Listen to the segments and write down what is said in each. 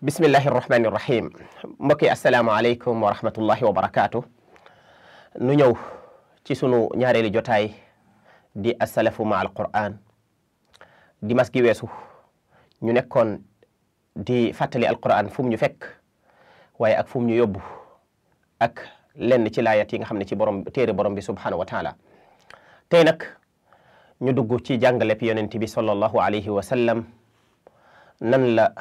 bismillahi irrahmani irrahim mbokk yi asalaamaaleykum wa wa barakaatu nu ñëw ci sunu ñaareelu jotaay di asalafu ma alquran dimas gi weesu ñu nekkoon di fàttali alquran fu ñu fekk waaye ak fu ñu yóbbu ak lenn ci laayat yi nga xam ne ci borom téere borom bi subhanahu wa tey nag ñu dugg ci jàngaleb yonent bi sallallahu alayhi wa nan la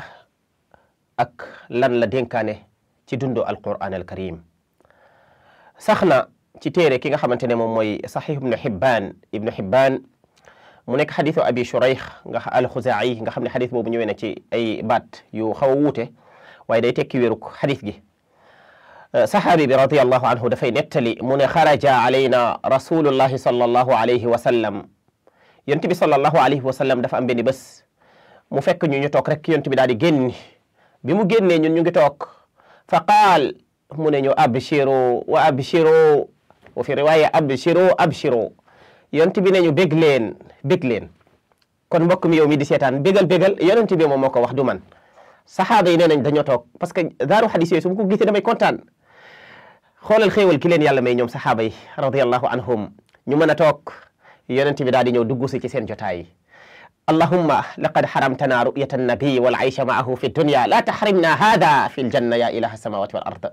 ak lan la denkaane ci dundoo alquran al karim sax na ci téere ki nga xamante ne moom mooy saxiix ibnu xibbaan ibnu xibbaan mu nekk xadis abi shuraih nga alxuzaayi nga xam ne xadis boobu ñëwee na ci ay baat yu xaw wuute waaye day tekki wéruk xadis gi saxaabi bi radiallahu anhu dafay nettali mu ne xaraja alayna rasulullahi sallallahu alayhi wa sallam yonent bi sallallahu alayhi wa sallam dafa am benn bés mu fekk ñu ñu toog rekk yonent bi daal di génn bi mu génnee ñun ñu ngi toog fa qaal mu ne ñu abshiru wa abshiru wa fi riwaaya abshiru abshiru yonent bi ne ñu bég leen bég leen kon mbokk mi yow mi di seetaan bégal bégal yonent bi moom moo ko wax du man saxaaba yi nee nañ dañoo toog parce que daaru xadis yooyu su ma ko gisee damay kontaan xoolal xéewal ki leen yàlla may ñoom saxaaba yi radiyallahu anhum ñu mën a toog yonent bi daal di ñëw dugg si ci seen jotaay yi اللهم لقد حرمتنا رؤية النبي والعيش معه في الدنيا لا تحرمنا هذا في الجنة يا إله السماوات والأرض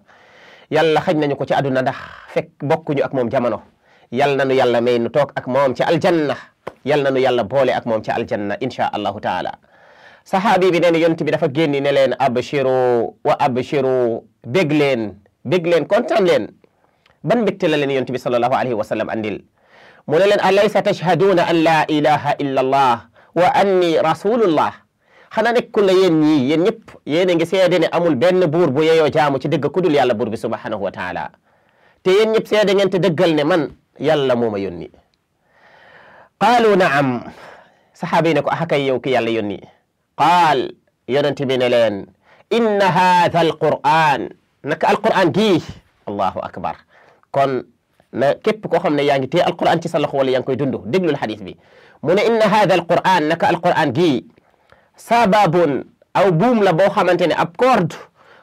yàlla xañ nañu ko ci àdduna ndax fekk bokkuñu ak moom jamono yal nanu yàlla may nu toog ak moom ci aljanna yal nanu yàlla boole ak moom ci aljanna insha allahu taala saxaabi bi nee na yonent bi dafa génni ne leen abshiru wa abshiru bég leen bég leen kontaan leen ban mbégte la leen yonent bi sallallahu alayhi wa sallam andil mu ne leen alaysa tashhaduuna an laa ilaha illa allah wa anni rasulullah xanaa nekkul la yéen ñii yéen ñëpp yéen a ngi seede amul benn buur bu yeeyoo jaamu ci dëgg ku dul yàlla buur bi subhanahu wa taala te yéen ñëpp seede ngeen te dëggal ne man yàlla moo ma yónni qaalu naam saxaaba yi ne ko axakay ah, yow ki yàlla yónni qaal yonent bi ne leen inna haadha alquran naka alquran gii allahu akbar kon na képp koo xam ne yaa ngi téye alquran ci sa loxo wala yaa ngi koy dund déglul xadis bi mu ne inna hada alquran naka alquran sababun aw buum la boo xamante ne ab corde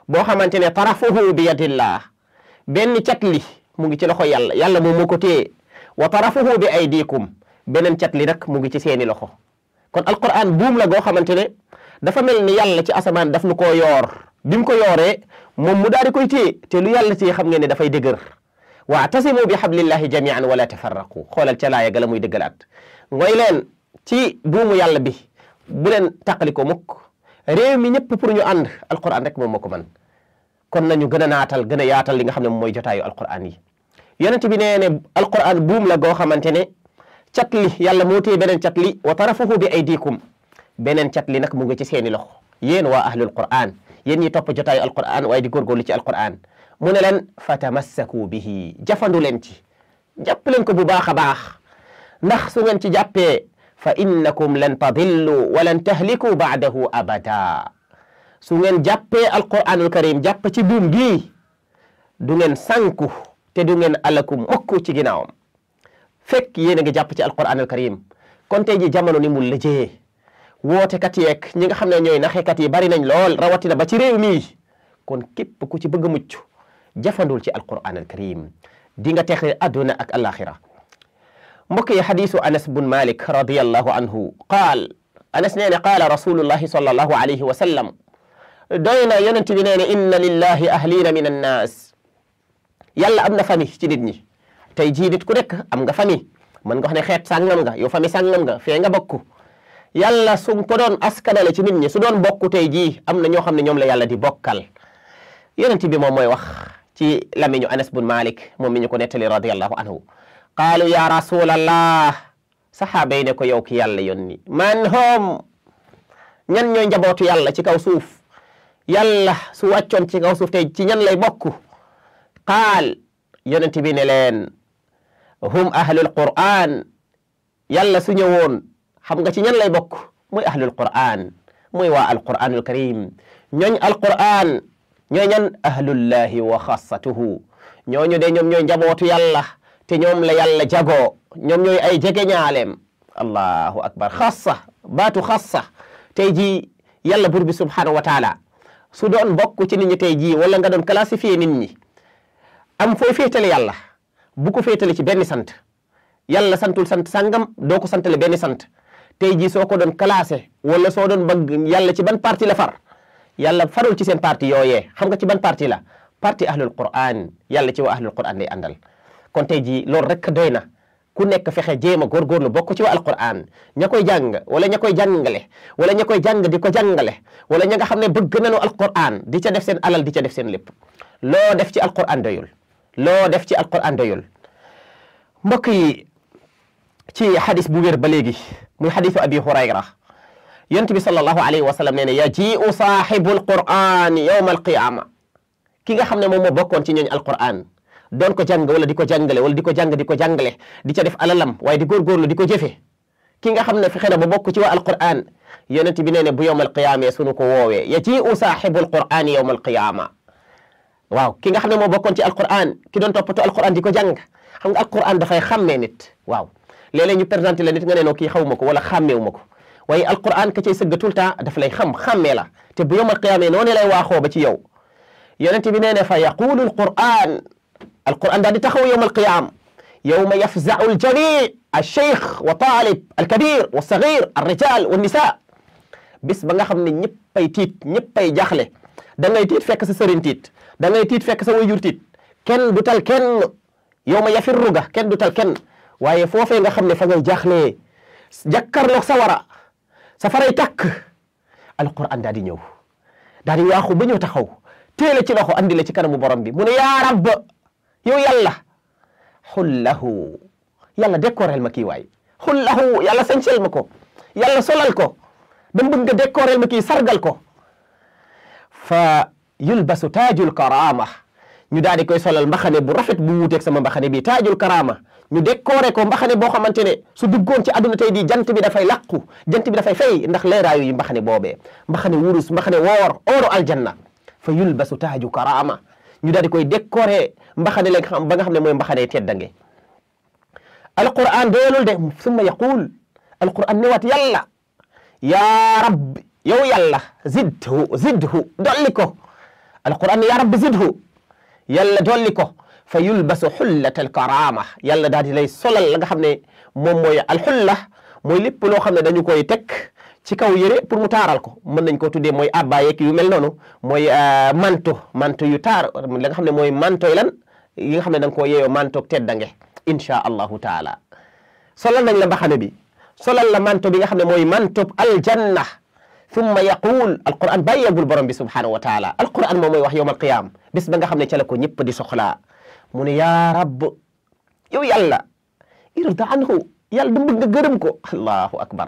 boo xamante ne tarafuhu bi yadillah benn cat li mu ngi ci loxo yàlla yàlla moom moo ko téye wa tarafuhu bi aydikum beneen cat li nag mu ngi ci seeni loxo kon alquran buum la goo xamante ne dafa mel ni yàlla ci asamaan daf nu koo yoor bi mu ko yooree moom mu daal di koy téye te lu yàlla téye xam ngeen ne dafay dëgër waatasimu bi hablillahi jamian wala tafarraqu xoolal ca laaya gala muy dëggalaat ngoy leen ci buumu yàlla bi bu taqali ko mukk réew mi ñëpp pour ñu ànd alquran rek moom moo ko man kon nañu gën a naatal gën a yaatal li nga xam ne mooy jotaayu alquran yi yonent bi nee ne buum la goo xamante ne cat li yàlla moo téye beneen cat li wa tarafuhu bi aydikum beneen cat li nag mu ci seeni loxo yéen waa ahlul quran yéen ñi topp jotaayu alquran waaye di góorgóorlu ci alquran mu ne fatamassaku bihi jafandu leen ci jàpp leen ko bu baakha baax ndax su ngeen ci jàppee fa innakum lan tadillu wa lan tahliku ba'dahu abada su ngeen jàppee alquranul karim japp ci buum gi du ngeen sanku te du ngeen alakum mukk ci ginaawam fek yéen nga japp ci alquranul karim kon tay ji jamono ni mu wote kat yek ñi nga xamne ñoy ñooy kat yi bari nañ lool rawatina ba ci rew mi kon kep ku ci bëgg muccu jafandul ci alquran al karim di nga texe adduna ak alaxira mbokk yi xadisu anas bun malik radiallahu anhu qaal anas nee na qaala rasulullahi sallallahu alayhi wa sallam doy na yonent bi nee na inna lillahi ahlina min annaas yàlla am na famille ci nit ñi tey jii nit ku nekk am nga famille mën nga wax ne xeet sàngam nga yow famille sàngam nga fee nga bokk yàlla suñ ko doon askanale ci nit ñi su doon bokk tey jii am na ñoo xam ne ñoom la yàlla di bokkal yonent bi moom mooy wax ci lamiñu anas bun malik moom mi ñu ko nettali radiallahu anhu qaalu ya rasulallah saxaaba yi ne ko yow ki yàlla yónni man hom ñan ñooy njabootu yàlla ci kaw suuf yàlla su wàccoon ci kaw te ci ñan lay bokk qaal yonent bi ne leen hum ahlul qur'an yàlla su ñëwoon xam nga ci ñan lay bokk muy ahlul qur'an muy waa alqur'anul karim ñooñ ñooy ñan ahlullahi wa xassatuhu ñooñu de ñoom ñooy njabootu yàlla te ñoom la yàlla jagoo ñoom ñooy ay jege ñaaleem allahu akbar xassa baatu xassa tey jii yàlla bur bi subhanahu wa taala su doon bokk ci nit ñi tey jii wala nga doon classifier nit ñi am fooy féetale yàlla bu ko féetale ci benn sant yàlla santul sant sangam doo ko santale benn sant tey jii soo ko doon classé wala soo doon bëgg yàlla ci ban parti la yàlla farul ci seen parti yooyee xam nga ci ban parti la parti ahlul quran yàlla ci waa ahlul quran lay àndal kon tey jii loolu rek doy na ku nekk fexe jéem a góorgóorlu bokk ci waa alquran ña koy jàng wala ña koy jàngale wala ña koy jàng di ko jàngale wala ña nga xam ne bëgg nañu alquran di ca def seen alal di ca def seen lépp loo def ci alquran doyul loo def ci alquran doyul mbokk yi ci xadis bu wér ba léegi muy xadisu abi hurayra yonent bi sallallahu alayhi wa sallam nee ne yaji'u saaxibul qur'an yawma alqiyama ki nga xam ne moom moo bokkoon ci ñooñ alqur'an doon ko jàng wala di ko jàngale wala di ko jàng di ko jàngale di ca def alalam waaye di góorgóorlu di ko jëfe ki nga xam ne fexe na ba bokk ci waa alqur'an yonent bi nee ne bu yawma alqiyama sunu ko woowee yaji'u saaxibul qur'an yawma alqiyama waaw ki nga xam ne moo bokkoon ci alqur'an ki doon toppatoo alqur'an di ko jàng xam nga alqur'an dafay xàmmee nit waaw léeg-léeg ñu présenté la nit nga ne noo kii xaw ma ko wala xàmmeewu ma ko واي القران كتي سغتولتا دا فلي خم خميلا تي بيوم القيامه نوني لاي واخو با تي يو يونتي بي نينا فيقول القران القران دا تخو يوم القيامه يوم يفزع الجميع الشيخ وطالب الكبير والصغير الرجال والنساء بس باغا خمني نيباي تيت نيباي جاخلي دا ngay تيت فك سيرين تيت دا ngay تيت فك سا ويور تيت كين دوتال كين يوم يفرغا كين دوتال كين waye fofé nga xamné fa ngay jaxlé jakkar lo safaray takk alquran daal di ñëw daal di waaxu ba ñëw taxaw ci loxo andi la ci kanamu borom bi mu ne yaa rabb yow yàlla xullahu yàlla décoreel ma kii waay xullahu yàlla sañsel ma ko yàlla solal ko dama bëgg nga décoreel ma sargal ko fa yulbasu taajul karama ñu daal di koy solal mbaxane bu rafet bu wuuteeg sama mbaxane bi taajul karaama ñu décoré ko mbaxane boo xamante ne su duggoon ci àdduna tey di jant bi dafay làqu jant bi dafay fay ndax leeraayu yi mbaxane boobee mbaxane wurus mbaxane woor ooru aljanna fa yulbasu taaju karaama ñu daal di koy décoré mbaxane la xam ba nga xam ne mooy mbaxane teddange alquran doolul de summa yaqul alquran ne wat yàlla yaa rabbi yow yàlla zidhu zidhu dolli ko alquran ne yaa rabbi zidhu yàlla dolli ko fa yulbasu xullatal karama yàlla daal di lay solal la nga xam ne moom mooy alxulla mooy lépp loo xam ne dañu koy teg ci kaw yére pour mu taaral ko mën nañ ko tuddee mooy abba yeeg yu mel noonu mooy euh, manto manto yu taar la xam ne mooy mantoy lan nga xam ne da nga koo yeeyoo mantoog teddange inchaa allahu taala solal nañ la mbaxane bi solal la manto bi nga xam ne mooy mantob aljanna thumma yaqul alquran bàyyagul borom bi subhanahu wa taala alquran moom mooy wax yowm alqiyama bis ba nga xam ne ca la ko ñëpp di soxlaa mu ne yaa rabb yow yàlla irda anhu yàlla du bëgg nga gërëm ko allahu akbar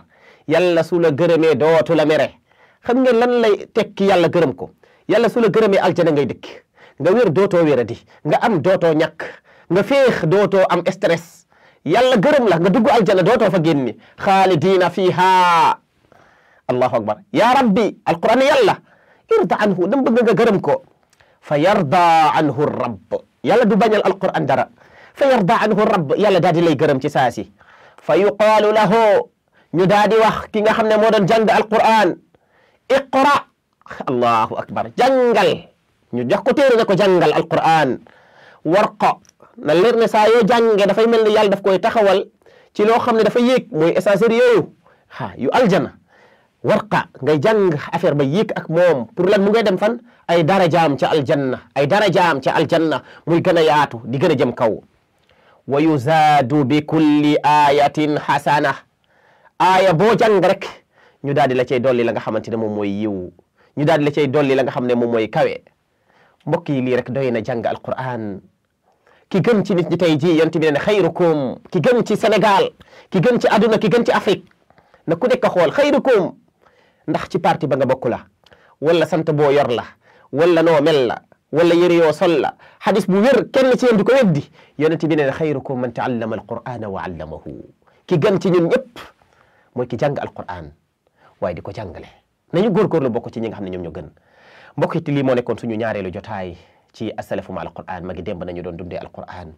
yàlla su la gërëmee la mere xam ngeen lan tekki yàlla gërëm ko yàlla su la gërëmee aljana ngay dëkk nga wér dootoo wéradi nga am dootoo ñàkk nga féex dootoo am stress yàlla gërëm la nga dugg aljana dootoo fa génni xaalidiina fiihaa allahu akbar ya rabbi alquran yàlla irda anhu dam bëgg nga gërëm ko fa yarda anhu rabb yàlla du bañal alquran dara fa yarda anhu rabb yàlla daal di lay gërëm ci saasi fa yuqaalu lahu ñu daal di wax ki nga xam ne moo doon jàng alquran iqra allahu akbar jàngal ñu jox ko téere ne ko jàngal alquran warqa na leer ne saa yoo jàngee dafay mel ne yàlla daf koy taxawal ci loo xam ne dafa yéeg mooy essencer yooyu ha yu aljana warqa ngay jàng affaire ba yéeg ak moom pour lan mu ngay dem fan ay darajaam ca aljanna ay darajaam ca aljanna muy gën a yaatu di gën a jëm kaw wa yuzaadu bi kulli ayatin xasana aaya boo jàng rek ñu daal di la cay dolli la nga xamante ne moom mooy yiw ñu daal di la cay dolli la nga xam ne moom mooy kawe mbokk yi lii rek doy na jàng alquran ki gën ci nit ñi tey ji yonent bi ne xayrukum ki gën ci Sénégal ki gën ci àdduna ki gën ci Afrique na ku nekk xool xayrukum ndax ci parti ba nga bokk la wala sant boo yor la wala noo mel la wala yëre yoo sol la xadis bu wér kenn ci di ko weddi yonent bi ne xayrukum man taallama alqur'ana wa allamahu ki gën ci ñun ñëpp mooy ki jàng alqur'an waaye di ko jàngale nañu góorgóorlu bokk ci ñi nga xam ne ñoom ñoo gën mbokk it lii moo nekkoon suñu ñaareelu jotaay ci asalafu ma alqur'an ma ngi na nañu doon dundee alqur'an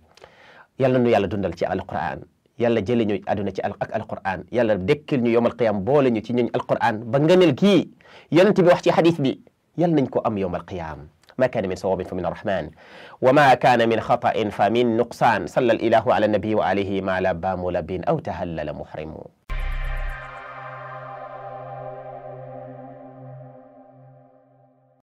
yàlla nu yàlla dundal ci alqur'an يلا جيل نيو ادونا تي اك القران يلا ديكل نيو يوم القيامه بول نيو تي نيو القران با نغنيل كي يلا تي بي حديث بي يلا نكو ام يوم القيامه ما كان من صواب فمن الرحمن وما كان من خطا فمن نقصان صلى الاله على النبي وعليه ما لا بام ملبين او تهلل محرم